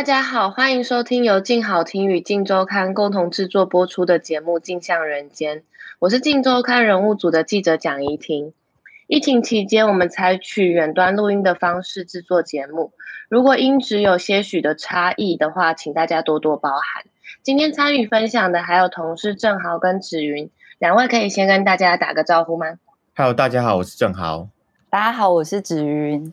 大家好，歡迎收聽由鏡好聽與鏡週刊共同製作播出的節目《鏡像人間》，我是鏡週刊人物組的記者蔣怡婷。疫情期間，我們採取遠端錄音的方式製作節目，如果音質有些許的差異的話，請大家多多包涵。今天參與分享的還有同事鄭豪跟芷雲兩位，可以先跟大家打個招呼嗎？Hello，大家好，我是鄭豪。大家好，我是芷雲。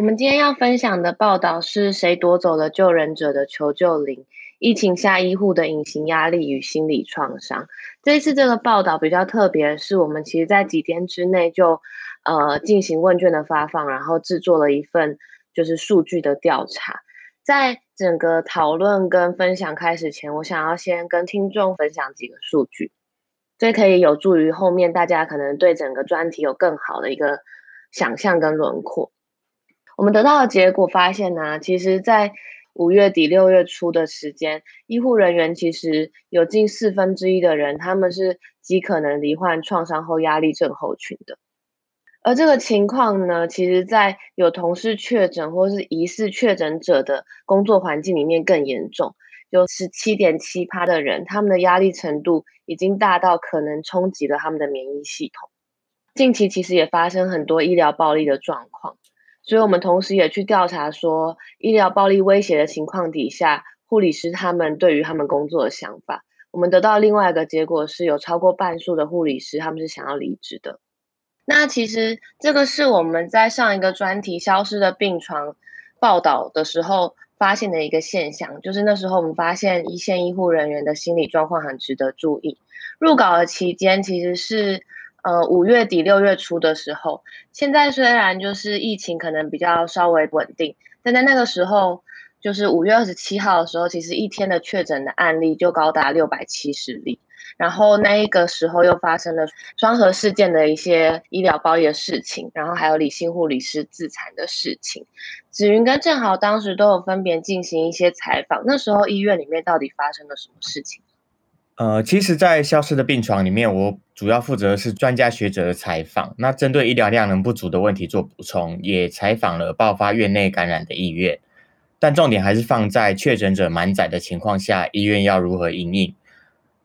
我們今天要分享的報道是誰奪走了救人者的求救鈴？疫情下醫護的隱形壓力與心理創傷。這一次這個報道比較特別，是我們其實在幾天之內就呃進行問卷的發放，然後制作了一份就是數據的調查。在整個討論跟分享開始前，我想要先跟聽眾分享幾個數據，這可以有助於後面大家可能對整個專題有更好的一個想象跟輪廓。我們得到的結果發現呢、啊，其實，在五月底六月初的時間，醫護人員其實有近四分之一的人，他們是極可能罹患創傷後壓力症候群的。而這個情況呢，其實，在有同事確診或是疑似確診者的工作環境裡面更嚴重，有十七點七趴的人，他們的壓力程度已經大到可能衝擊了他們的免疫系統。近期其實也發生很多醫療暴力的狀況。所以，我們同時也去調查說，醫療暴力威脅的情況底下，護理師他們對於他們工作的想法。我們得到另外一個結果，是有超過半數的護理師他們是想要離職的。那其實這個是我們在上一個專題《消失的病床》報道的時候發現的一個現象，就是那時候我們發現一線醫護人員的心理狀況很值得注意。入稿的期間其實是。呃，五月底六月初的時候，現在雖然就是疫情可能比較稍微穩定，但在那個時候，就是五月二十七號的時候，其實一天的確診的案例就高達六百七十例。然後那一個時候又發生了雙核事件的一些醫療包夜事情，然後還有李姓護理師自殘的事情。紫雲跟正好當時都有分別進行一些採訪，那時候醫院裡面到底發生了什麼事情？呃，其實，在《消失的病床》裡面，我主要負責的是專家學者的採訪。那針對醫療量能不足的問題做補充，也採訪了爆發院內感染的醫院，但重點還是放在確診者滿載的情況下，醫院要如何營運。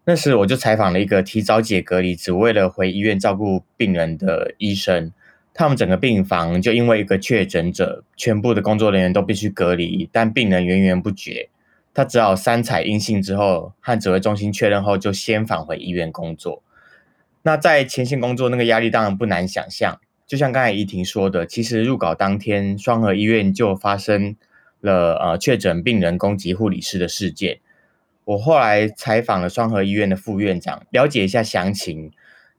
那時我就採訪了一個提早解隔離，只為了回醫院照顧病人的醫生。他們整個病房就因為一個確診者，全部的工作人員都必須隔離，但病人源源不絕。他只好三採陰性之後，和指揮中心確認後，就先返回醫院工作。那在前線工作，那個壓力當然不難想象。就像剛才怡婷說的，其實入稿當天，雙和醫院就發生了呃確診病人攻擊護理師的事件。我後來採訪了雙和醫院的副院長，了解一下詳情。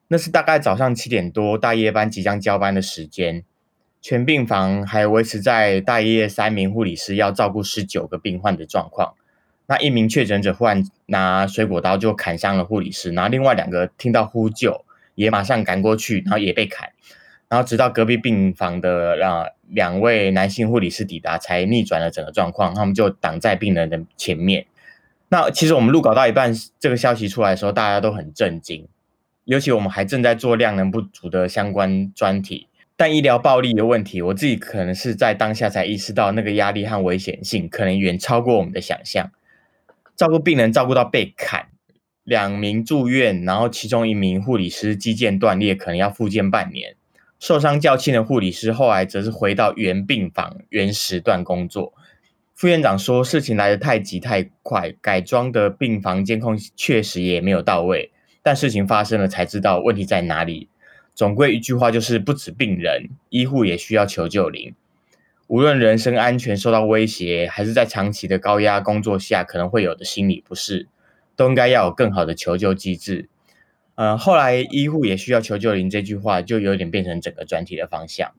那是大概早上七點多，大夜班即將交班的時間，全病房還維持在大夜三名護理師要照顧十九個病患的狀況。那一名確診者忽然拿水果刀就砍傷了護理師，然後另外兩個聽到呼救也馬上趕過去，然後也被砍，然後直到隔壁病房的兩、啊、兩位男性護理師抵達才逆轉了整個狀況。他們就擋在病人的前面。那其實我們錄稿到一半，這個消息出來的時候，大家都很震驚，尤其我們還正在做量能不足的相關專題。但醫療暴力的問題，我自己可能是在當下才意識到，那個壓力和危險性可能遠超過我們的想象。照顧病人照顧到被砍，兩名住院，然後其中一名護理師肌腱斷裂，可能要復健半年。受傷較輕的護理師後來則是回到原病房原時段工作。副院長說事情來得太急太快，改裝的病房監控確實也沒有到位，但事情發生了才知道問題在哪裡。總歸一句話就是不止病人，醫護也需要求救鈴。無論人身安全受到威脅，還是在長期的高壓工作下可能會有的心理不適，都應該要有更好的求救機制。嗯、呃，後來醫護也需要求救鈴，這句話就有點變成整個專題的方向。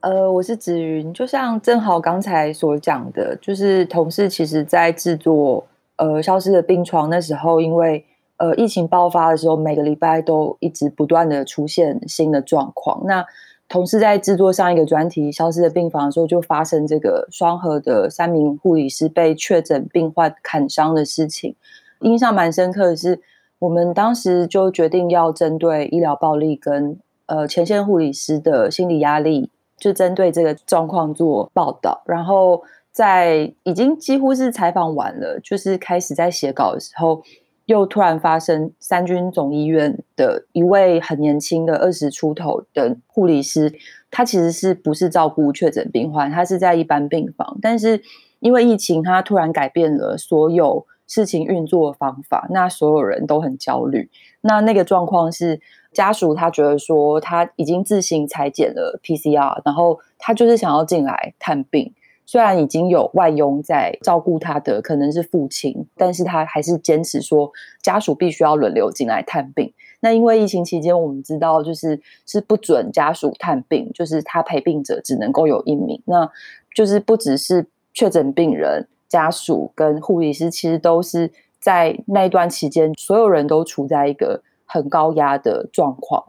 呃，我是紫雲，就像正好剛才所講的，就是同事其實在制作呃消失的病床那時候，因為呃疫情爆發的時候，每個禮拜都一直不斷的出現新的狀況，那。同時，在制作上一個專題《消失的病房》的時候，就發生這個雙和的三名護理師被確診病患砍傷的事情，印象蠻深刻的是，我們當時就決定要針對醫療暴力跟呃前線護理師的心理壓力，就針對這個狀況做報道。然後在已經幾乎是採訪完了，就是開始在寫稿的時候。又突然發生，三軍總醫院的一位很年輕的二十出頭的護理師，他其實是不是照顧確診病患，他是在一般病房，但是因為疫情，他突然改變了所有事情運作的方法，那所有人都很焦慮。那那個狀況是家屬他覺得說他已經自行採檢了 PCR，然後他就是想要進來看病。雖然已經有外傭在照顧他的，可能是父親，但是他還是堅持說家屬必須要輪流進來探病。那因為疫情期間，我們知道就是是不准家屬探病，就是他陪病者只能夠有一名。那就是不只是確診病人，家屬跟護理師，其實都是在那一段期間，所有人都處在一個很高壓的狀況。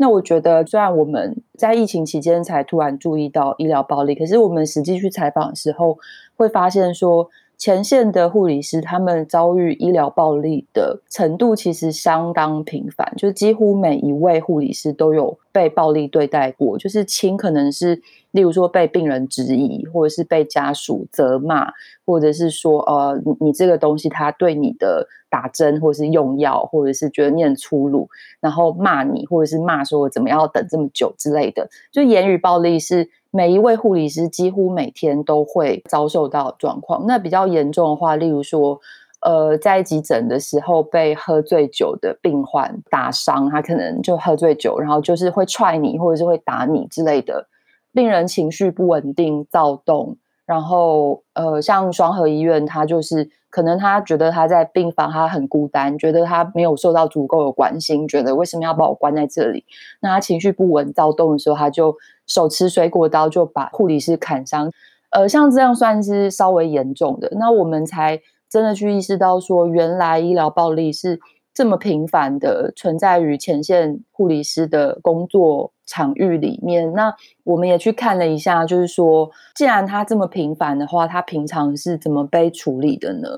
那我覺得，雖然我們在疫情期間才突然注意到醫療暴力，可是我們實際去採訪的時候，會發現說，前線的護理師，他們遭遇醫療暴力的程度其實相當頻繁，就是幾乎每一位護理師都有被暴力對待過。就是輕可能是，例如說被病人質疑，或者是被家屬責罵，或者是說，呃，你這個東西，他對你的打針或者是用藥，或者是覺得你很粗魯，然後罵你，或者是罵說我怎麼樣要等這麼久之類的，就言語暴力是。每一位護理師幾乎每天都會遭受到狀況。那比較嚴重的話，例如說，呃，在急診的時候被喝醉酒的病患打傷，他可能就喝醉酒，然後就是會踹你，或者是會打你之類的。病人情緒不穩定、躁動，然後呃，像雙和醫院，他就是可能他覺得他在病房他很孤單，覺得他沒有受到足夠的關心，覺得為什麼要把我關在這裡？那他情緒不穩、躁動的時候，他就手持水果刀就把護理師砍傷，呃，像這樣算是稍微嚴重的。那我們才真的去意識到說，原來醫療暴力是這麼頻繁的存在於前線護理師的工作場域裡面。那我們也去看了一下，就是說，既然他這麼頻繁的話，他平常是怎麼被處理的呢？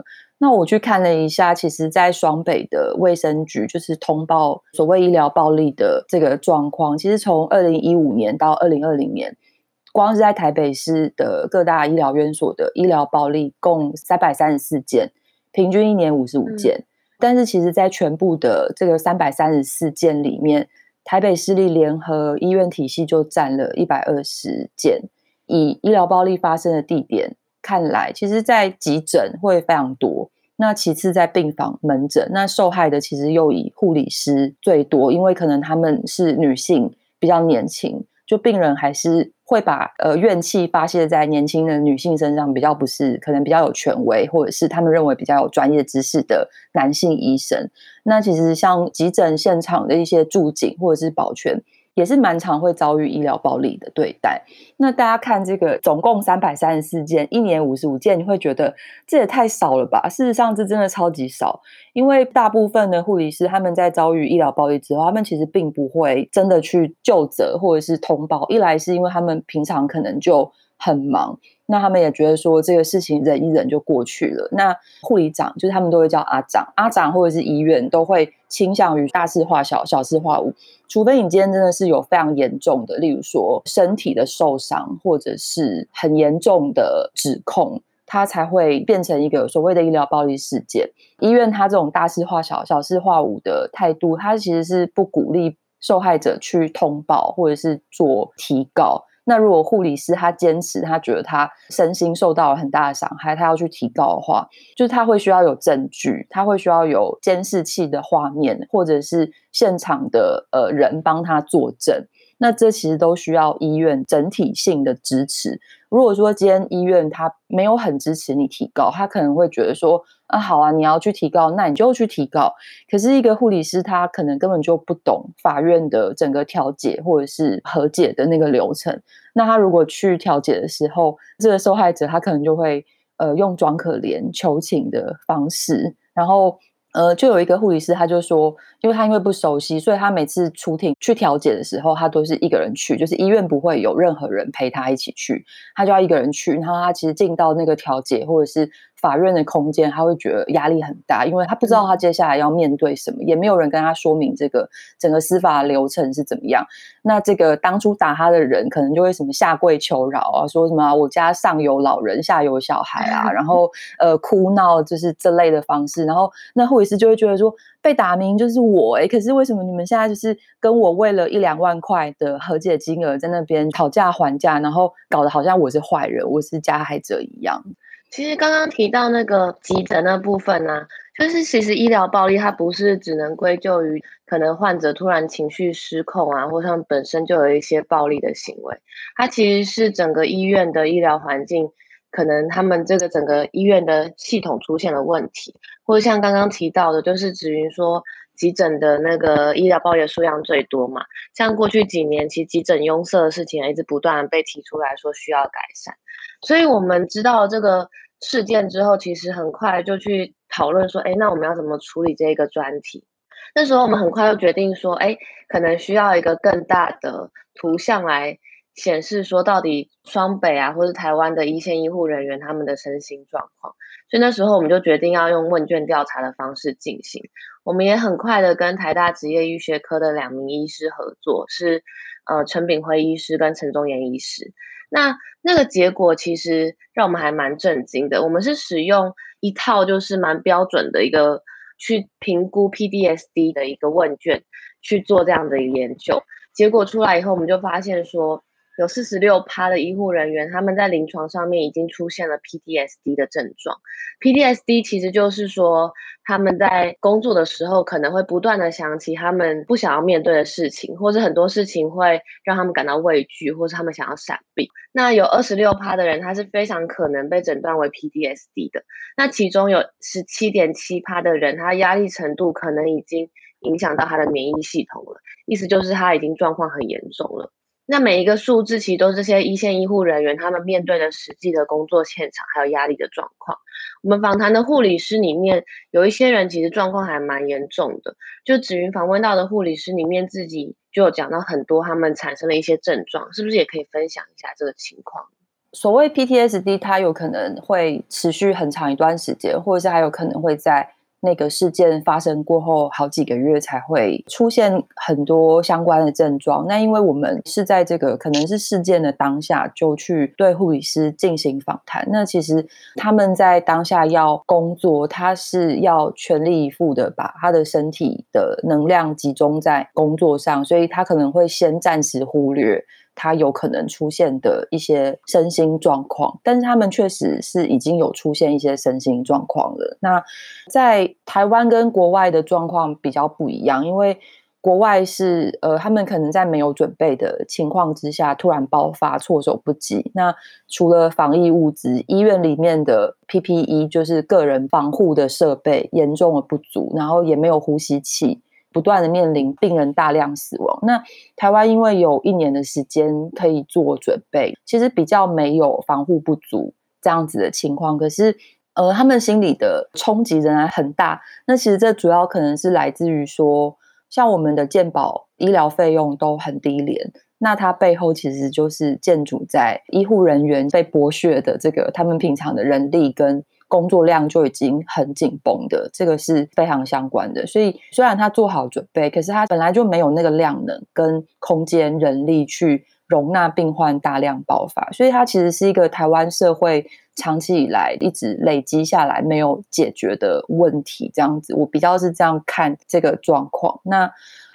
那我去看了一下，其實，在雙北的衛生局就是通報所謂醫療暴力的這個狀況。其實從二零一五年到二零二零年，光是在台北市的各大醫療院所的醫療暴力共三百三十四件，平均一年五十五件。嗯、但是，其實，在全部的這個三百三十四件裡面，台北市立聯合醫院體系就佔了一百二十件，以醫療暴力發生的地點。看來，其實，在急診會非常多。那其次，在病房、門診，那受害的其實又以護理師最多，因為可能他們是女性，比較年輕，就病人還是會把呃怨氣發洩在年輕的女性身上，比較不是可能比較有權威，或者是他們認為比較有專業知識的男性醫生。那其實像急診現場的一些駐警或者是保全。也是蠻常會遭遇醫療暴力的對待。那大家看這個，總共三百三十四件，一年五十五件，你會覺得這也太少了吧？事實上，這真的超級少，因為大部分的護理師他們在遭遇醫療暴力之後，他們其實並不會真的去究責或者是通報。一來是因為他們平常可能就很忙。那他們也覺得說這個事情忍一忍就過去了。那護理長就是他們都會叫阿長，阿長或者是醫院都會傾向於大事化小，小事化無，除非你今天真的是有非常嚴重的，例如說身體的受傷，或者是很嚴重的指控，它才會變成一個所謂的醫療暴力事件。醫院他這種大事化小、小事化無的態度，他其實是不鼓勵受害者去通報或者是做提告。那如果護理師他堅持，他覺得他身心受到了很大的傷害，他要去提告的話，就是他會需要有證據，他會需要有監視器的畫面，或者是現場的呃人幫他作證。那這其實都需要醫院整體性的支持。如果說今天醫院他沒有很支持你提告，他可能會覺得說啊，好啊，你要去提告，那你就去提告。可是，一個護理師他可能根本就不懂法院的整個調解或者是和解的那個流程。那他如果去調解的時候，這個受害者他可能就會，呃，用裝可憐求情的方式，然後，呃，就有一個護理師他就說。因為他因為不熟悉，所以他每次出庭去調解的時候，他都是一個人去，就是醫院不會有任何人陪他一起去，他就要一個人去。然後他其實進到那個調解或者是法院的空間，他會覺得壓力很大，因為他不知道他接下來要面對什麼，嗯、也沒有人跟他說明這個整個司法流程是怎麼樣。那這個當初打他的人，可能就會什麼下跪求饒啊，說什麼、啊、我家上有老人，下有小孩啊，嗯、然後呃哭鬧就是這類的方式。然後那護理師就會覺得說。被打名就是我、欸、可是為什麼你們現在就是跟我為了一兩萬塊的和解金額在那邊討價還價，然後搞得好像我是壞人，我是加害者一樣？其實剛剛提到那個急診的那部分呢，啊，就是其實醫療暴力它不是只能歸咎於可能患者突然情緒失控啊，或像本身就有一些暴力的行為，它其實是整個醫院的醫療環境。可能他們這個整個醫院的系統出現了問題，或者像剛剛提到的，就是子雲說急診的那個醫療抱怨數量最多嘛。像過去幾年，其實急診擁塞的事情一直不斷被提出來說需要改善。所以我們知道這個事件之後，其實很快就去討論說，哎，那我們要怎麼處理這個專題？那時候我們很快就決定說，哎，可能需要一個更大的圖像來顯示說到底，雙北啊，或是台灣的一線醫護人員他們的身心狀況，所以那時候我們就決定要用問卷調查的方式進行。我們也很快的跟台大職業醫學科的兩名醫師合作，是呃陳炳輝醫師跟陳忠言醫師。那那個結果其實讓我們還蠻震驚的。我們是使用一套就是蠻標準的一個去評估 PTSD 的一個問卷去做這樣的研究。結果出來以後，我們就發現說。有四十六趴的醫護人員，他們在臨床上面已經出現了 PTSD 的症狀。PTSD 其實就是說，他們在工作的時候可能會不斷地想起他們不想要面對的事情，或者很多事情會讓他們感到畏懼，或者他們想要閃避。那有二十六趴的人，他是非常可能被診斷為 PTSD 的。那其中有十七點七趴的人，他壓力程度可能已經影響到他的免疫系統了，意思就是他已經狀況很嚴重了。那每一個數字其實都是這些一線醫護人員他們面對的實際的工作現場還有壓力的狀況。我們訪談的護理師裡面有一些人其實狀況還蠻嚴重的，就紫云訪問到的護理師裡面自己就有講到很多他們產生的一些症狀，是不是也可以分享一下這個情況？所謂 PTSD，它有可能會持續很長一段時間，或者是還有可能會在。那個事件發生過後，好幾個月才會出現很多相關的症狀。那因為我們是在這個可能是事件的當下就去對護理師進行訪談，那其實他們在當下要工作，他是要全力以赴的把他的身體的能量集中在工作上，所以他可能會先暫時忽略，他有可能出現的一些身心狀況，但是他們確實是已經有出現一些身心狀況了。那在台灣跟國外的狀況比較不一樣，因為國外是呃，他們可能在沒有準備的情況之下突然爆發，措手不及。那除了防疫物資，醫院裡面的 PPE 就是個人防護的設備嚴重的不足，然後也沒有呼吸器，不斷的面臨病人大量死亡，那台灣因為有一年的時間可以做準備，其實比較沒有防護不足這樣子的情況。可是，呃，他們心理的衝擊仍然很大。那其實這主要可能是來自於說，像我們的健保醫療費用都很低廉，那它背後其實就是建築在醫護人員被剝削的這個他們平常的人力跟。工作量就已經很緊繃的，這個是非常相關的。所以雖然他做好準備，可是他本來就沒有那個量能跟空間、人力去容納病患大量爆發，所以他其實是一個台灣社會長期以來一直累積下來沒有解決的問題。這樣子，我比較是這樣看這個狀況。那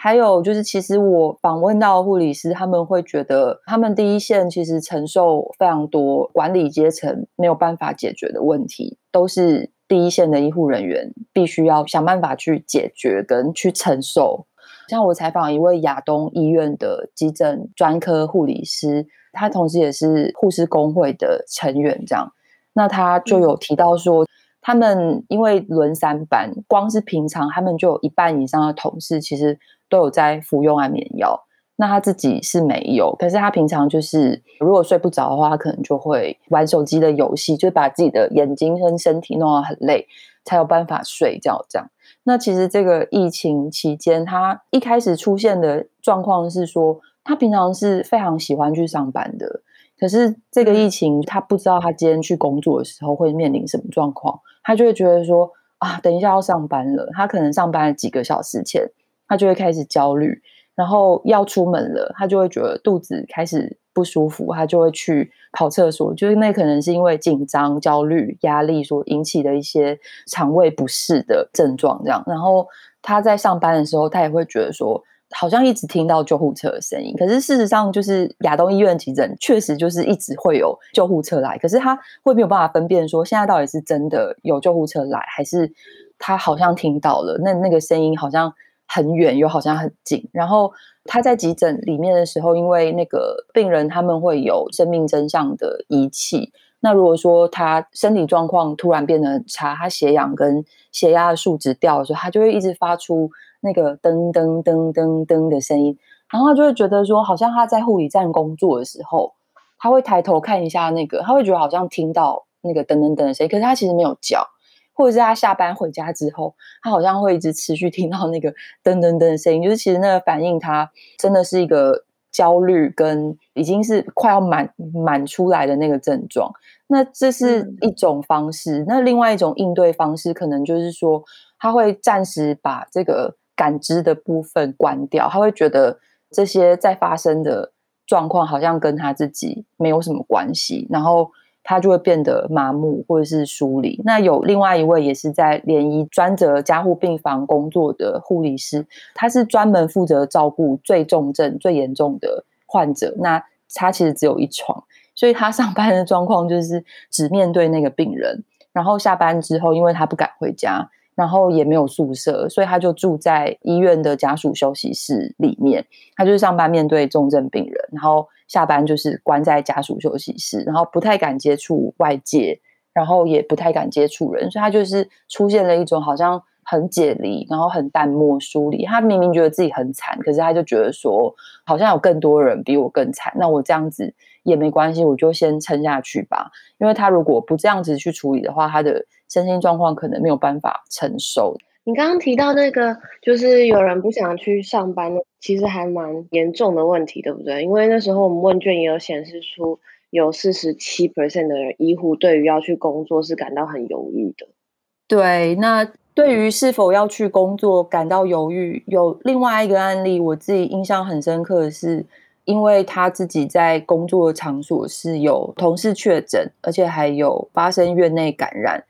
還有就是，其實我訪問到護理師，他們會覺得，他們第一線其實承受非常多管理階層沒有辦法解決的問題，都是第一線的醫護人員必須要想辦法去解決跟去承受。像我採訪一位亞東醫院的急診專科護理師，他同時也是護士工會的成員，這樣，那他就有提到說，他們因為輪三班，光是平常他們就有一半以上的同事其實都有在服用安眠藥，那他自己是沒有，可是他平常就是如果睡不着的話，他可能就會玩手機的遊戲，就把自己的眼睛跟身體弄得很累，才有辦法睡覺。這樣，那其實這個疫情期間，他一開始出現的狀況是說，他平常是非常喜歡去上班的，可是這個疫情，他不知道他今天去工作的時候會面臨什麼狀況，他就會覺得說，啊，等一下要上班了，他可能上班幾個小時前。他就會開始焦慮，然後要出門了，他就會覺得肚子開始不舒服，他就會去跑廁所。就是那可能是因為緊張、焦慮、壓力所引起的一些腸胃不適的症狀。這樣，然後他在上班的時候，他也會覺得說，好像一直聽到救護車的聲音。可是事實上，就是亞東醫院急診確實就是一直會有救護車來，可是他會沒有辦法分辨說，現在到底是真的有救護車來，還是他好像聽到了那那個聲音好像。很遠又好像很近。然後他在急診裡面的時候，因為那個病人他們會有生命徵象的儀器。那如果說他身體狀況突然變得很差，他血氧跟血壓的數值掉的時候，他就會一直發出那個噔噔噔噔噔的聲音。然後他就會覺得說，好像他在護理站工作的時候，他會抬頭看一下那個，他會覺得好像聽到那個噔噔噔的聲音，可是他其實沒有叫。或者是他下班回家之後，他好像會一直持續聽到那個噔噔噔的聲音，就是其實那個反映他真的是一個焦慮跟已經是快要滿滿出來的那個症狀。那這是一種方式，嗯、那另外一種應對方式可能就是說他會暫時把這個感知的部分關掉，他會覺得這些在發生的狀況好像跟他自己沒有什麼關係，然後。他就會變得麻木或者是疏離。那有另外一位也是在聯醫專責加護病房工作的護理師，他是專門負責照顧最重症、最嚴重的患者。那他其實只有一床，所以他上班的狀況就是只面對那個病人。然後下班之後，因為他不敢回家，然後也沒有宿舍，所以他就住在醫院的家屬休息室裡面。他就是上班面對重症病人，然後。下班就是關在家屬休息室，然後不太敢接觸外界，然後也不太敢接觸人，所以他就是出現了一種好像很解離，然後很淡漠、疏離。他明明覺得自己很慘，可是他就覺得說，好像有更多人比我更慘，那我這樣子也沒關係，我就先撐下去吧。因為他如果不這樣子去處理的話，他的身心狀況可能沒有辦法承受。你剛剛提到那個，就是有人不想去上班，其實還蠻嚴重的問題，對不對？因為那時候我們問卷也有顯示出，有四十七 percent 的人醫護對於要去工作是感到很猶豫的。對，那對於是否要去工作感到猶豫，有另外一個案例，我自己印象很深刻的是，因為他自己在工作的場所是有同事確診，而且還有發生院內感染。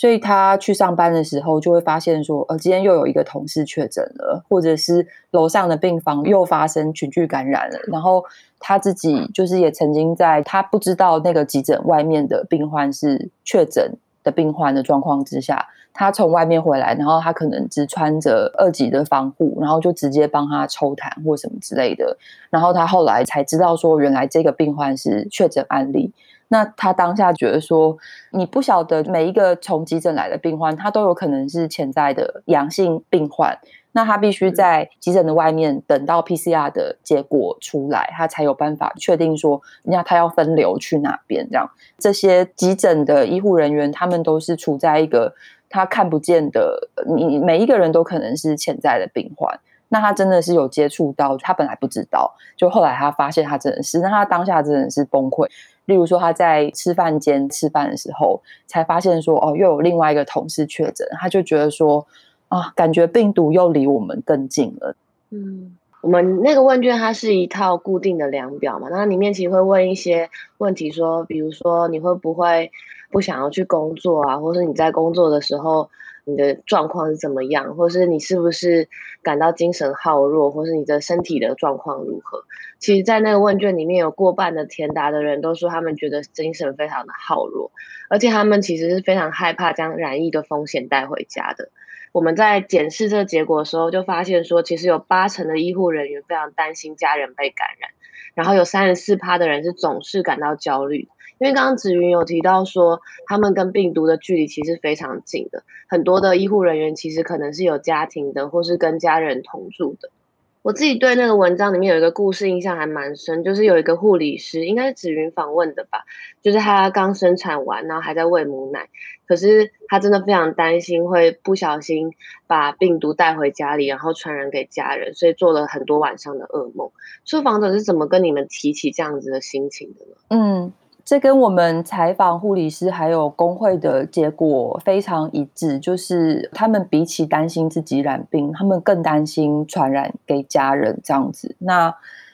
所以他去上班的時候，就會發現說，呃，今天又有一個同事確診了，或者是樓上的病房又發生群聚感染了。然後他自己就是也曾經在他不知道那個急診外面的病患是確診的病患的狀況之下，他從外面回來，然後他可能只穿着二級的防護，然後就直接幫他抽痰或什麼之類的。然後他後來才知道說，原來這個病患是確診案例。那他當下覺得說，你不曉得每一個從急診來的病患，他都有可能是潛在的陽性病患。那他必須在急診的外面等到 PCR 的結果出來，他才有辦法確定說，那他要分流去哪邊？這樣，這些急診的醫護人員，他們都是處在一個他看不見的，你每一個人都可能是潛在的病患。那他真的是有接觸到，他本來不知道，就後來他發現他真的是，那他當下真的是崩潰。例如說，他在吃飯間吃飯的時候，才發現說，哦，又有另外一個同事確診，他就覺得說，啊，感覺病毒又離我們更近了。嗯，我們那個問卷它是一套固定的量表嘛，那裡面其實會問一些問題，說，比如說你會不會不想要去工作啊，或者你在工作的時候。你的狀況是怎麼樣，或是你是不是感到精神耗弱，或是你的身體的狀況如何？其實，在那個問卷裡面，有過半的填答的人都說他們覺得精神非常的耗弱，而且他們其實是非常害怕將染疫的風險帶回家的。我們在檢視這個結果的時候，就發現說，其實有八成的醫護人員非常擔心家人被感染，然後有三十四趴的人是總是感到焦慮。因為剛剛紫云有提到說，他們跟病毒的距離其實非常近的，很多的醫護人員其實可能是有家庭的，或是跟家人同住的。我自己對那個文章裡面有一個故事印象還蠻深，就是有一個護理師，應該是紫云訪問的吧，就是他剛生產完，然後還在餵母奶，可是他真的非常擔心會不小心把病毒帶回家裡，然後傳染給家人，所以做了很多晚上的噩夢。受訪者是怎麼跟你們提起這樣子的心情的呢？嗯。這跟我們採訪護理師還有工會的結果非常一致，就是他們比起擔心自己染病，他們更擔心傳染給家人這樣子。那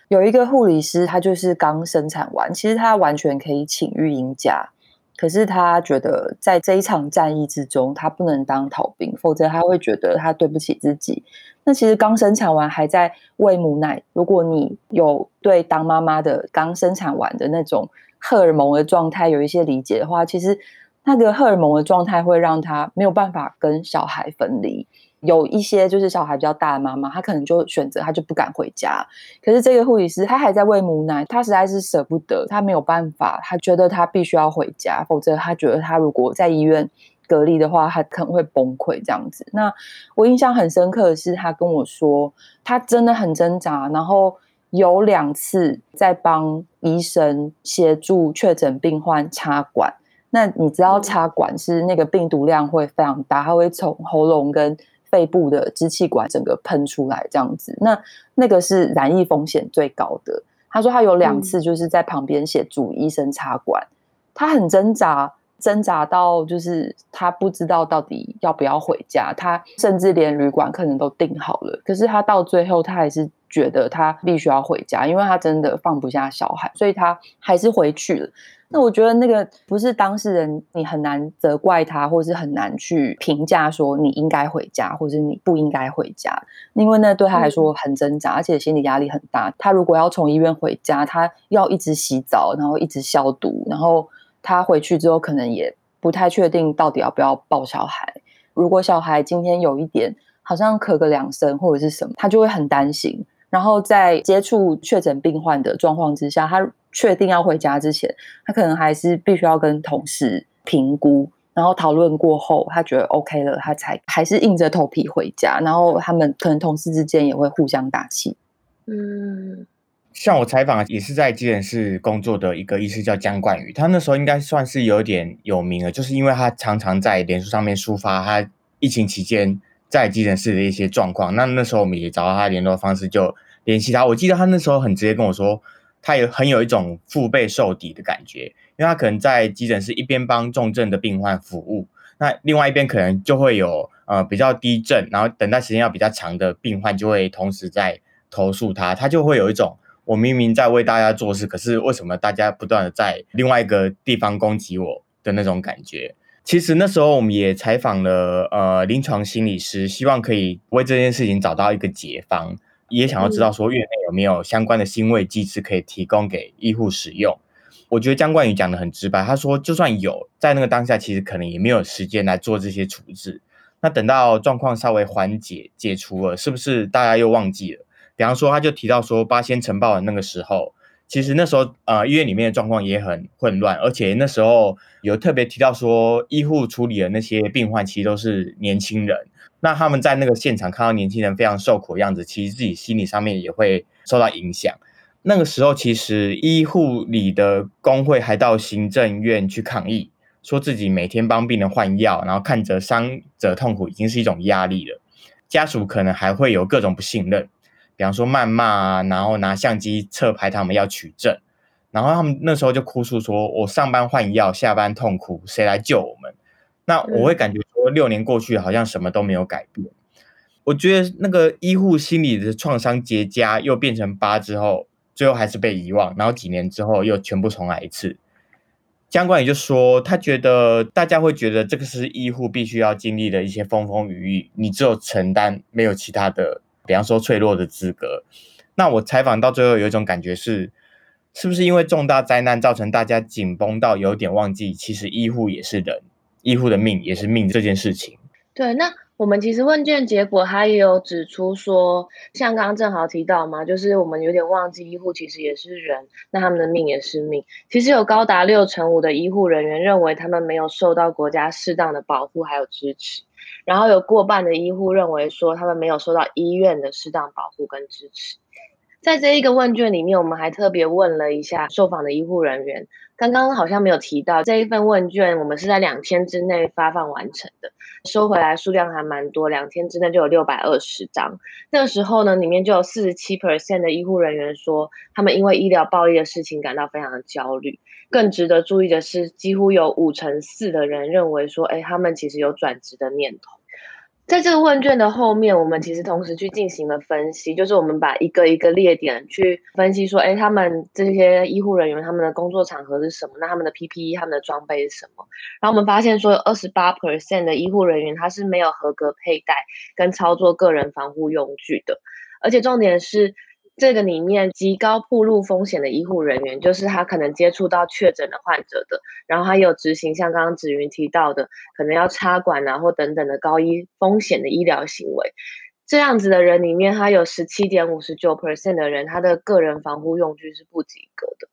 有一個護理師，他就是剛生產完，其實他完全可以請育嬰假，可是他覺得在這一場戰役之中，他不能當逃兵，否則他會覺得他對不起自己。那其實剛生產完還在餵母奶，如果你有對當媽媽的剛生產完的那種。荷爾蒙的狀態有一些理解的話，其實那個荷爾蒙的狀態會讓她沒有辦法跟小孩分離。有一些就是小孩比較大的媽媽，她可能就選擇她就不敢回家。可是這個護理師她還在餵母奶，她實在是捨不得，她沒有辦法，她覺得她必須要回家，否則她覺得她如果在醫院隔離的話，她可能會崩潰這樣子。那我印象很深刻的是，她跟我說，她真的很掙扎，然後。有兩次在幫醫生協助確診病患插管，那你知道插管是那個病毒量會非常大，嗯、它會從喉嚨跟肺部的支氣管整個噴出來這樣子。那那個是染疫風險最高的。他說他有兩次就是在旁邊協助醫生插管，他、嗯、很掙扎，掙扎到就是他不知道到底要不要回家，他甚至連旅館可能都訂好了，可是他到最後他還是。覺得他必須要回家，因為他真的放不下小孩，所以他還是回去了。那我覺得那個不是當事人，你很難責怪他，或是很難去評價說你應該回家，或是你不應該回家，因為那對他來說很掙扎，嗯，而且心理壓力很大。他如果要從醫院回家，他要一直洗澡，然後一直消毒，然後他回去之後可能也不太確定到底要不要抱小孩。如果小孩今天有一點好像咳個兩聲或者是什麼，他就會很擔心。然後在接觸確診病患的狀況之下，他確定要回家之前，他可能還是必須要跟同事評估，然後討論過後，他覺得 OK 了，他才還是硬着頭皮回家。然後他們可能同事之間也會互相打氣。嗯，像我採訪也是在急診室工作的一個醫師叫姜冠宇，他那時候應該算是有點有名了，就是因為他常常在臉書上面抒發他疫情期間在急診室的一些狀況，那那時候我們也找到他聯絡方式，就聯繫他。我記得他那時候很直接跟我說，他也很有一種腹背受敵的感覺，因為他可能在急診室一邊幫重症的病患服務，那另外一邊可能就會有呃，比較低症，然後等待時間要比較長的病患就會同時在投訴他，他就會有一種我明明在為大家做事，可是為什麼大家不斷的在另外一個地方攻擊我的那種感覺。其實那時候我們也採訪了呃臨床心理師，希望可以為這件事情找到一個解方，也想要知道說院內有沒有相關的心衛機制可以提供給醫護使用。我覺得姜冠宇講得很直白，他說就算有，在那個當下其實可能也沒有時間來做這些處置。那等到狀況稍微緩解解除了，是不是大家又忘記了？比方說他就提到說八仙塵爆的那個時候。其實那時候，呃，醫院裡面的狀況也很混亂，而且那時候有特別提到說，醫護處理的那些病患其實都是年輕人。那他們在那個現場看到年輕人非常受苦的樣子，其實自己心理上面也會受到影響。那個時候，其實醫護裡的工會還到行政院去抗議，說自己每天幫病人換藥，然後看着傷者痛苦，已經是一種壓力了。家屬可能還會有各種不信任。比方說謾罵啊，然後拿相機側拍他們要取證，然後他們那時候就哭訴說：“我上班換藥，下班痛苦，誰來救我們？”那我會感覺說，六年過去，好像什麼都沒有改變。我覺得那個醫護心理的創傷結痂，又變成疤之後，最後還是被遺忘。然後幾年之後，又全部重來一次。姜冠宇就說，他覺得大家會覺得，這個是醫護必須要經歷的一些風風雨雨，你只有承擔，沒有其他的。比方說脆弱的資格，那我採訪到最後有一種感覺是，是不是因為重大災難造成大家緊繃到有點忘記，其實醫護也是人，醫護的命也是命這件事情。對，那我們其實問卷結果，它也有指出說，像剛剛正好提到嘛，就是我們有點忘記醫護其實也是人，那他們的命也是命。其實有高達六成五的醫護人員認為，他們沒有受到國家適當的保護還有支持。然後有過半的醫護認為說，他們沒有受到醫院的適當保護跟支持。在這一個問卷裡面，我們還特別問了一下受訪的醫護人員，剛剛好像沒有提到這一份問卷，我們是在兩天之內發放完成的，收回來數量還蠻多，兩天之內就有六百二十張。那個時候呢，裡面就有四十七%的醫護人員說，他們因為醫療暴力的事情感到非常的焦慮。更值得注意的是，幾乎有五成四的人認為說，哎，他們其實有轉職的念頭。在這個問卷的後面，我們其實同時去進行了分析，就是我們把一個一個列點去分析說，哎，他們這些醫護人員他們的工作場合是什麼？那他們的 PPE、他們的裝備是什麼？然後我們發現說有28，有二十八 percent 的醫護人員他是沒有合格佩戴跟操作個人防護用具的，而且重點是。這個裡面極高暴露風險的醫護人員，就是他可能接觸到確診的患者的，然後他有執行像剛剛子云提到的，可能要插管啊或等等的高一風險的醫療行為，這樣子的人裡面，他有十七點五十九 percent 的人，他的個人防護用具是不及格的。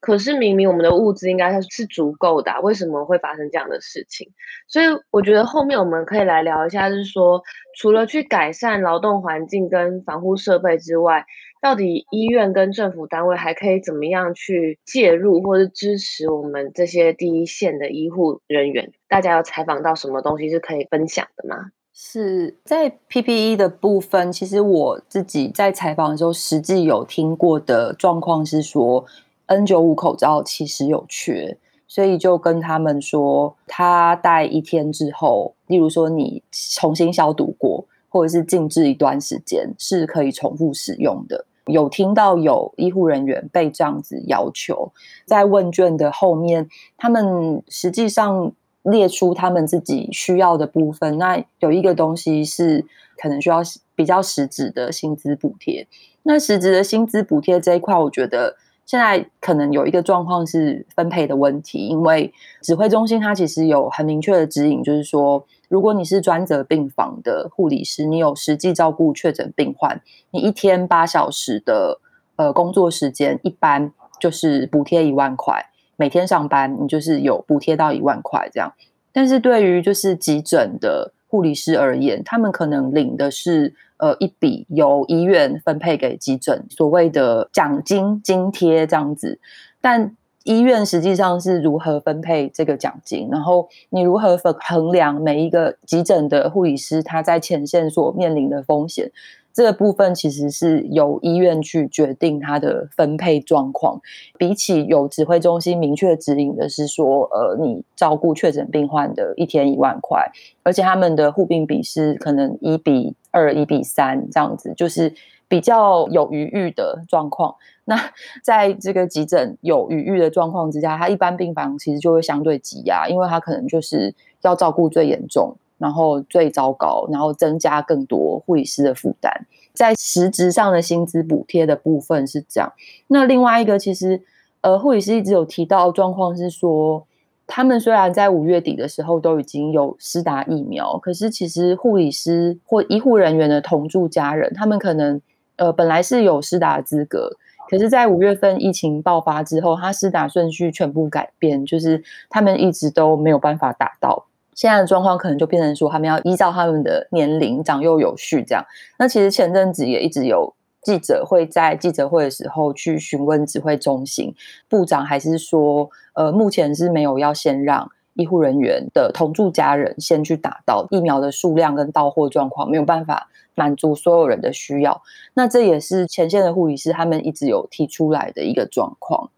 可是明明我們的物資應該是足夠的啊，為什麼會發生這樣的事情？所以我覺得後面我們可以來聊一下，就是說除了去改善勞動環境跟防護設備之外，到底醫院跟政府單位還可以怎麼樣去介入，或者支持我們這些第一線的醫護人員？大家有採訪到什麼東西是可以分享的嗎？是，在 PPE 的部分，其實我自己在採訪的時候，實際有聽過的狀況是說，N95 口罩其實有缺，所以就跟他們說，他戴一天之後，例如說你重新消毒過，或者是靜置一段時間，是可以重複使用的。有聽到有醫護人員被這樣子要求。在問卷的後面，他們實際上列出他們自己需要的部分。那有一個東西是可能需要比較實質的薪資補貼。那實質的薪資補貼這一塊，我覺得現在可能有一個狀況是分配的問題，因為指揮中心它其實有很明確的指引，就是說。如果你是專責病房的護理師，你有實際照顧確診病患，你一天八小時的呃工作時間，一般就是補貼一萬塊，每天上班你就是有補貼到一萬塊這樣。但是對於就是急診的護理師而言，他們可能領的是呃一筆由醫院分配給急診所謂的獎金津貼這樣子，但。醫院實際上是如何分配這個獎金，然後你如何衡衡量每一個急診的護理師他在前線所面臨的風險，這個部分其實是由醫院去決定他的分配狀況。比起有指揮中心明確指引的是說，呃，你照顧確診病患的一天一萬塊，而且他們的護病比是可能一比二、一比三這樣子，就是。比較有餘裕的狀況，那在這個急診有餘裕的狀況之下，他一般病房其實就會相對擠壓，因為他可能就是要照顧最嚴重，然後最糟糕，然後增加更多護理師的負擔。在實質上的薪資補貼的部分是這樣。那另外一個，其實呃，護理師一直有提到狀況是說，他們雖然在五月底的時候都已經有施打疫苗，可是其實護理師或醫護人員的同住家人，他們可能。呃，本來是有施打資格，可是，在五月份疫情爆發之後，他施打順序全部改變，就是他們一直都沒有辦法打到。現在的狀況可能就變成說，他們要依照他們的年齡、長幼有序這樣。那其實前陣子也一直有記者會，在記者會的時候去詢問指揮中心部長，還是說，呃，目前是沒有要先讓醫護人員的同住家人先去打到疫苗的數量跟到貨狀況，沒有辦法。滿足所有人的需要，那這也是前線的護理師他們一直有提出來的一個狀況。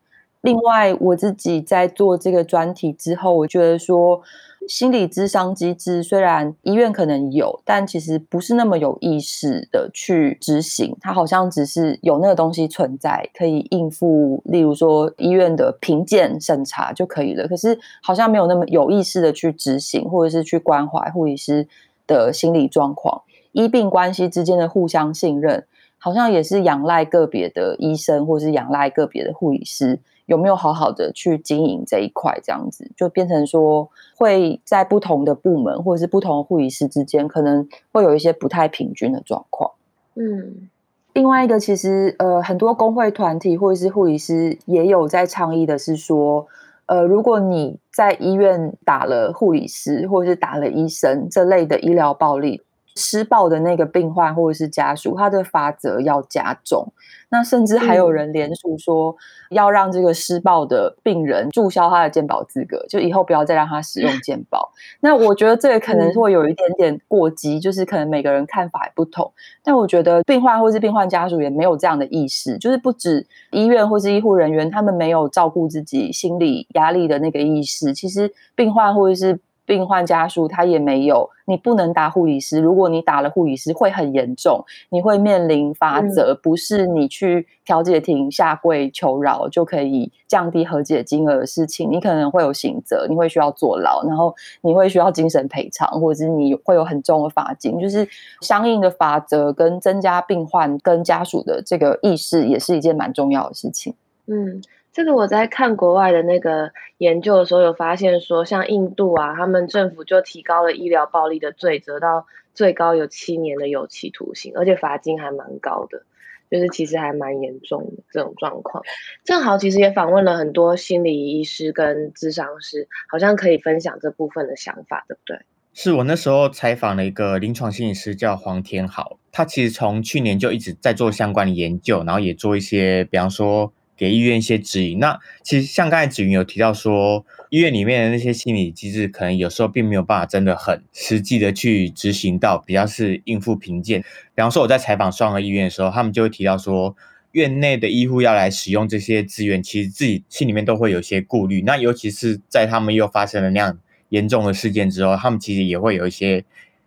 另外，我自己在做這個專題之後，我覺得說心理諮商機制雖然醫院可能有，但其實不是那麼有意識的去執行。它好像只是有那個東西存在，可以應付，例如說醫院的評鑑審查就可以了。可是好像沒有那麼有意識的去執行，或者是去關懷護理師的心理狀況。醫病關係之間的互相信任，好像也是仰賴個別的醫生，或是仰賴個別的護理師，有沒有好好的去經營這一塊？這樣子就變成說，會在不同的部門，或者是不同的護理師之間，可能會有一些不太平均的狀況。嗯，另外一個其實，呃，很多工會團體或者是護理師也有在倡議的是說，呃，如果你在醫院打了護理師，或者是打了醫生這類的醫療暴力。施暴的那個病患或者是家屬，他的罰則要加重。那甚至還有人聯署說，嗯、要讓這個施暴的病人註銷他的健保資格，就以後不要再讓他使用健保。嗯、那我覺得這個可能會有一點點過激，嗯、就是可能每個人看法也不同。但我覺得病患或者是病患家屬也沒有這樣的意識，就是不止醫院或者是醫護人員，他們沒有照顧自己心理壓力的那個意識。其實病患或者是病患家屬他也沒有，你不能打護理師。如果你打了護理師，會很嚴重，你會面臨罰責、嗯、不是你去調解庭下跪求饒就可以降低和解金額的事情。你可能會有刑責，你會需要坐牢，然後你會需要精神賠償，或者是你會有很重的罰金，就是相應的罰責，跟增加病患跟家屬的這個意識，也是一件蠻重要的事情。嗯。這個我在看國外的那個研究的時候，有發現說，像印度啊，他們政府就提高了醫療暴力的罪責到最高有七年的有期徒刑，而且罰金還蠻高的，就是其實還蠻嚴重的這種狀況。正好其實也訪問了很多心理醫師跟諮商師，好像可以分享這部分的想法，對不對？是我那時候採訪了一個臨床心理師，叫黃天豪，他其實從去年就一直在做相關的研究，然後也做一些，比方說。給醫院一些指引。那其實像剛才子云有提到說，醫院裡面的那些心理機制，可能有時候並沒有辦法真的很實際的去執行到，比較是應付評鑑。比方說我在採訪雙和醫院的時候，他們就會提到說，院內的醫護要來使用這些資源，其實自己心裡面都會有一些顧慮。那尤其是在他們又發生了那樣嚴重的事件之後，他們其實也會有一些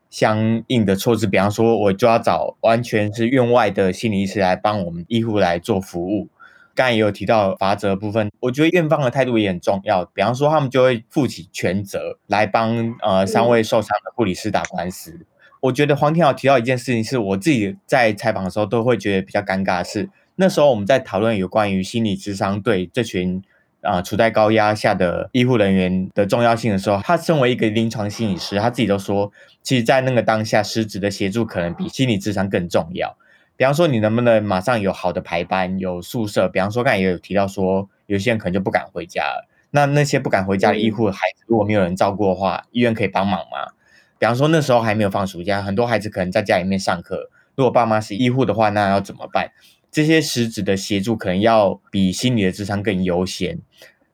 相應的措施。比方說，我就要找完全是院外的心理醫師來幫我們醫護來做服務。剛才也有提到罰則的部分，我覺得院方的態度也很重要。比方說，他們就會負起全責來幫呃三位受傷的護理師打官司。嗯、我覺得黃天豪提到一件事情，是我自己在採訪的時候都會覺得比較尷尬的是。是那時候我們在討論有關於心理諮商對這群啊處在高壓下的醫護人員的重要性的時候，他身為一個臨床心理師，他自己都說，其實在那個當下，實質的協助可能比心理諮商更重要。比方說，你能不能馬上有好的排班，有宿舍？比方說剛才也有提到，說有些人可能就不敢回家了。那那些不敢回家的醫護的孩子，如果沒有人照顧的話，對醫院可以幫忙嗎？比方說那時候還沒有放暑假，很多孩子可能在家裡面上課。如果爸媽是醫護的話，那要怎麼辦？這些實質的協助可能要比心理的支撐更優先，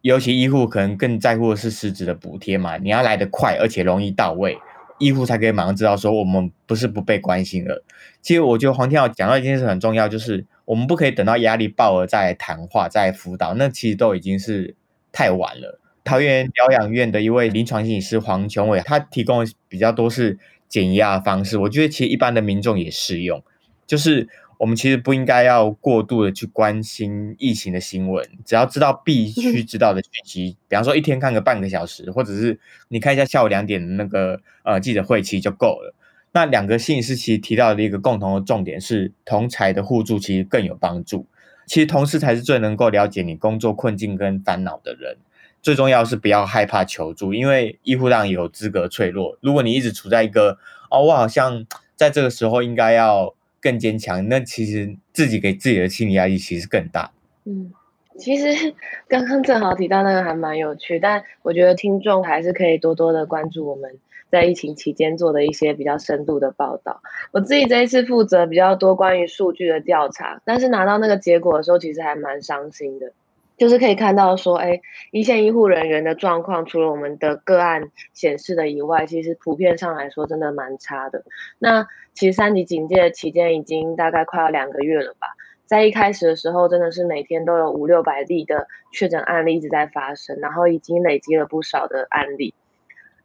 尤其醫護可能更在乎的是實質的補貼嘛。你要來得快，而且容易到位。醫護才可以馬上知道，說我們不是不被關心了。其實我覺得黃天浩講到一件事很重要，就是我們不可以等到壓力爆了再談話、再輔導，那其實都已經是太晚了。桃園療養院的一位臨床心理師黃瓊偉，他提供比較多是減壓的方式，我覺得其實一般的民眾也適用，就是。我們其實不應該要過度的去關心疫情的新聞，只要知道必須知道的訊息。嗯、比方說，一天看個半個小時，或者是你看一下下午兩點的那個呃記者會期就夠了。那兩個新聞其實提到的一個共同的重點是，同儕的互助其實更有幫助。其實同事才是最能夠了解你工作困境跟煩惱的人。最重要是不要害怕求助，因為醫護上有資格脆弱。如果你一直處在一個哦，我好像在這個時候應該要。更堅強，那其實自己給自己的心理壓力其實更大。嗯，其實剛剛正好提到那個還蠻有趣，但我覺得聽眾還是可以多多的關注我們在疫情期間做的一些比較深度的報道。我自己這一次負責比較多關於數據的調查，但是拿到那個結果的時候，其實還蠻傷心的。就是可以看到說，誒、哎、一線醫護人員的狀況，除了我們的個案顯示的以外，其實普遍上來說，真的蠻差的。那其實三級警戒期間已經大概快要兩個月了吧，在一開始的時候，真的是每天都有五六百例的確診案例一直在發生，然後已經累積了不少的案例。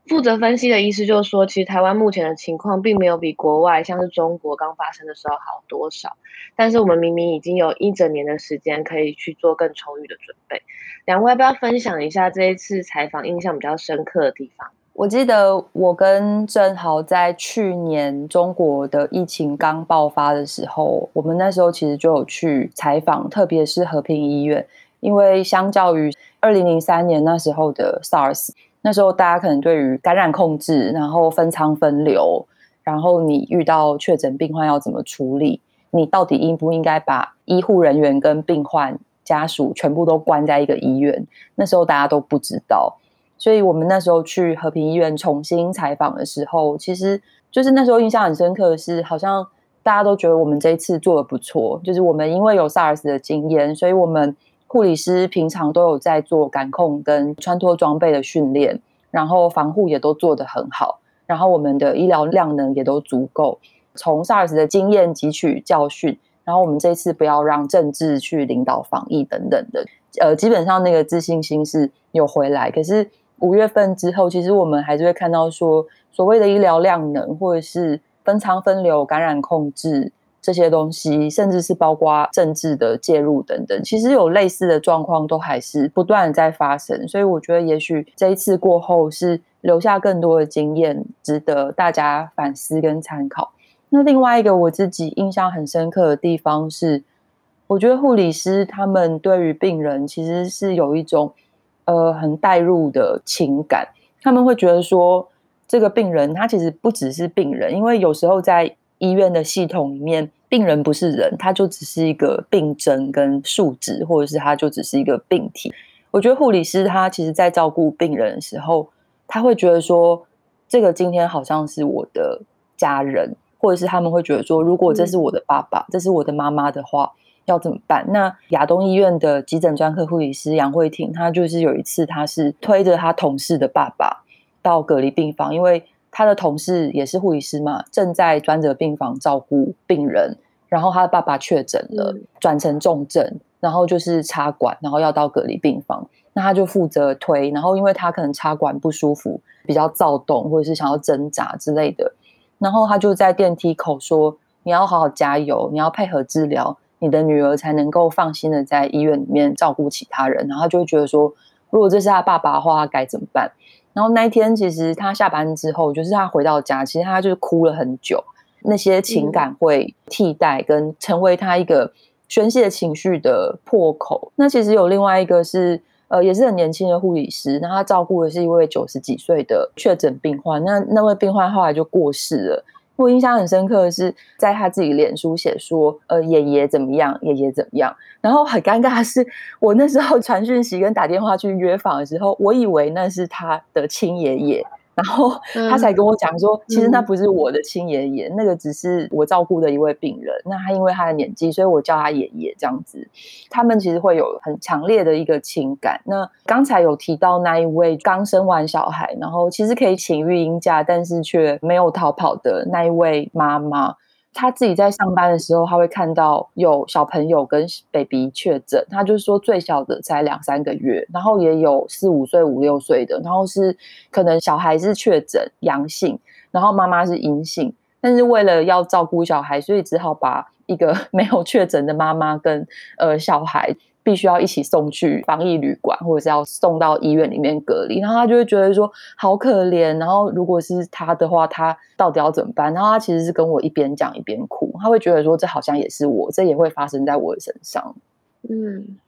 負責分析的意思就是說，其實台灣目前的情況並沒有比國外，像是中國剛發生的時候好多少。但是我們明明已經有一整年的時間可以去做更充裕的準備。兩位要不要分享一下這一次採訪印象比較深刻的地方？我記得我跟鄭豪在去年中國的疫情剛爆發的時候，我們那時候其實就有去採訪，特別是和平醫院，因為相較於二零零三年那時候的 SARS。那時候大家可能對於感染控制，然後分艙分流，然後你遇到確診病患要怎麼處理？你到底應不應該把醫護人員跟病患家屬全部都關在一個醫院？那時候大家都不知道，所以我們那時候去和平醫院重新採訪的時候，其實就是那時候印象很深刻的是，好像大家都覺得我們這一次做得不錯，就是我們因為有 SARS 的經驗，所以我們。護理師平常都有在做感控跟穿脫裝備的訓練，然後防護也都做得很好，然後我們的醫療量能也都足夠，從 SARS 的經驗汲取教訓，然後我們這次不要讓政治去領導防疫等等的，呃，基本上那個自信心是有回來。可是五月份之後，其實我們還是會看到說所謂的醫療量能或者是分艙分流、感染控制，這些東西，甚至是包括政治的介入等等，其實有類似的狀況都還是不斷在發生。所以我覺得，也許這一次過後是留下更多的經驗，值得大家反思跟參考。那另外一個我自己印象很深刻的地方是，我覺得護理師他們對於病人其實是有一種呃很帶入的情感，他們會覺得說這個病人他其實不只是病人，因為有時候在醫院的系統裡面，病人不是人，他就只是一個病症、跟數值，或者是他就只是一個病體。我覺得護理師他其實在照顧病人的時候，他會覺得說，這個今天好像是我的家人，或者是他們會覺得說，如果這是我的爸爸，嗯、這是我的媽媽的話，要怎麼辦？那亞東醫院的急診專科護理師楊慧婷，她就是有一次，她是推着她同事的爸爸到隔離病房，因為，他的同事也是護理師嘛，正在專責病房照顧病人，然後他的爸爸確診了，轉成重症，然後就是插管，然後要到隔離病房。那他就負責推。然後因為他可能插管不舒服，比較躁動，或者是想要掙扎之類的。然後他就在電梯口說：“你要好好加油，你要配合治療，你的女兒才能夠放心的在醫院裡面照顧其他人。”然後他就會覺得說，如果這是他的爸爸的話，他該怎麼辦？然後那一天，其實他下班之後，就是他回到家，其實他就是哭了很久。那些情感會替代跟成為他一個宣洩的情緒的破口。嗯、那其實有另外一個是，呃，也是很年輕的護理師，那他照顧的是一位九十幾歲的確診病患，那那位病患後來就過世了。我印象很深刻的是，在他自己臉書寫說，呃，爺爺怎麼樣，爺爺怎麼樣。然後很尷尬的是，我那時候傳訊息跟打電話去約訪的時候，我以為那是他的親爺爺。然後他才跟我講說，嗯、其實那不是我的親爺爺，嗯、那個只是我照顧的一位病人。那他因為他的年紀，所以我叫他爺爺這樣子。他們其實會有很強烈的一個情感。那剛才有提到那一位剛生完小孩，然後其實可以請育嬰假，但是却沒有逃跑的那一位媽媽。他自己在上班的時候，他會看到有小朋友跟 baby 確診。他就是說，最小的才兩三個月，然後也有四五歲、五六歲的，然後是可能小孩是確診陽性，然後媽媽是陰性。但是為了要照顧小孩，所以只好把一個沒有確診的媽媽跟呃小孩，必須要一起送去防疫旅館，或者是要送到醫院裡面隔離。然後他就會覺得說好可憐。然後如果是他的話，他到底要怎麼辦？然後他其實是跟我一邊講一邊哭。他會覺得說這好像也是我，這也會發生在我的身上。嗯，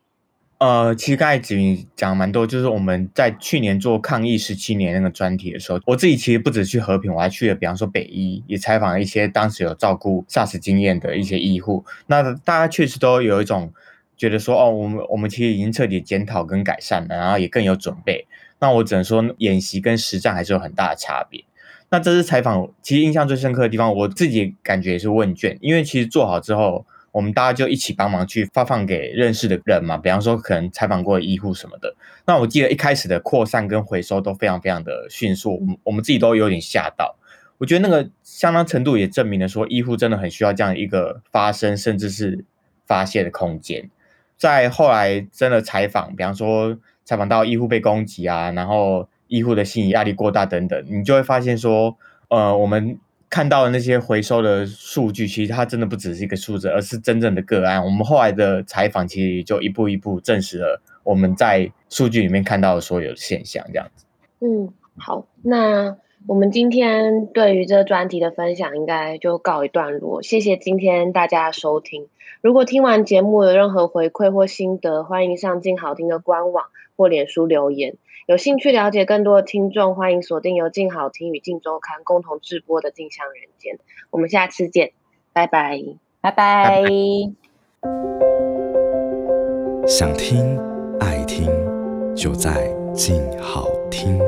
呃，其實剛才子明講蠻多，就是我們在去年做抗疫十七年的那個專題的時候，我自己其實不止去和平，我還去了，比方說北醫，也採訪了一些當時有照顧 SARS 經驗的一些醫護。那大家確實都有一種。覺得說哦，我們我們其實已經徹底檢討跟改善了，然後也更有準備。那我只能說，演習跟實戰還是有很大的差別。那這次採訪其實印象最深刻的地方，我自己感覺也是問卷，因為其實做好之後，我們大家就一起幫忙去發放給認識的人嘛，比方說可能採訪過的醫護什麼的。那我記得一開始的擴散跟回收都非常非常的迅速，我們我們自己都有點嚇到。我覺得那個相當程度也證明了說，醫護真的很需要這樣一個發聲，甚至是發泄的空間。在後來真的採訪，比方說採訪到醫護被攻擊啊，然後醫護的心理壓力過大等等，你就會發現說，呃，我們看到的那些回收的數據，其實它真的不只是一個數字，而是真正的個案。我們後來的採訪，其實就一步一步證實了我們在數據裡面看到的所有現象，這樣子。嗯，好，那我們今天對於這專題的分享應該就告一段落，謝謝今天大家的收聽。如果聽完節目有任何回饋或心得，歡迎上靜好聽的官網或臉書留言。有興趣了解更多的聽眾，歡迎鎖定由靜好聽與靜周刊共同制播的《鏡像人間》。我們下次見，拜拜，拜拜。想聽、愛聽，就在靜好聽。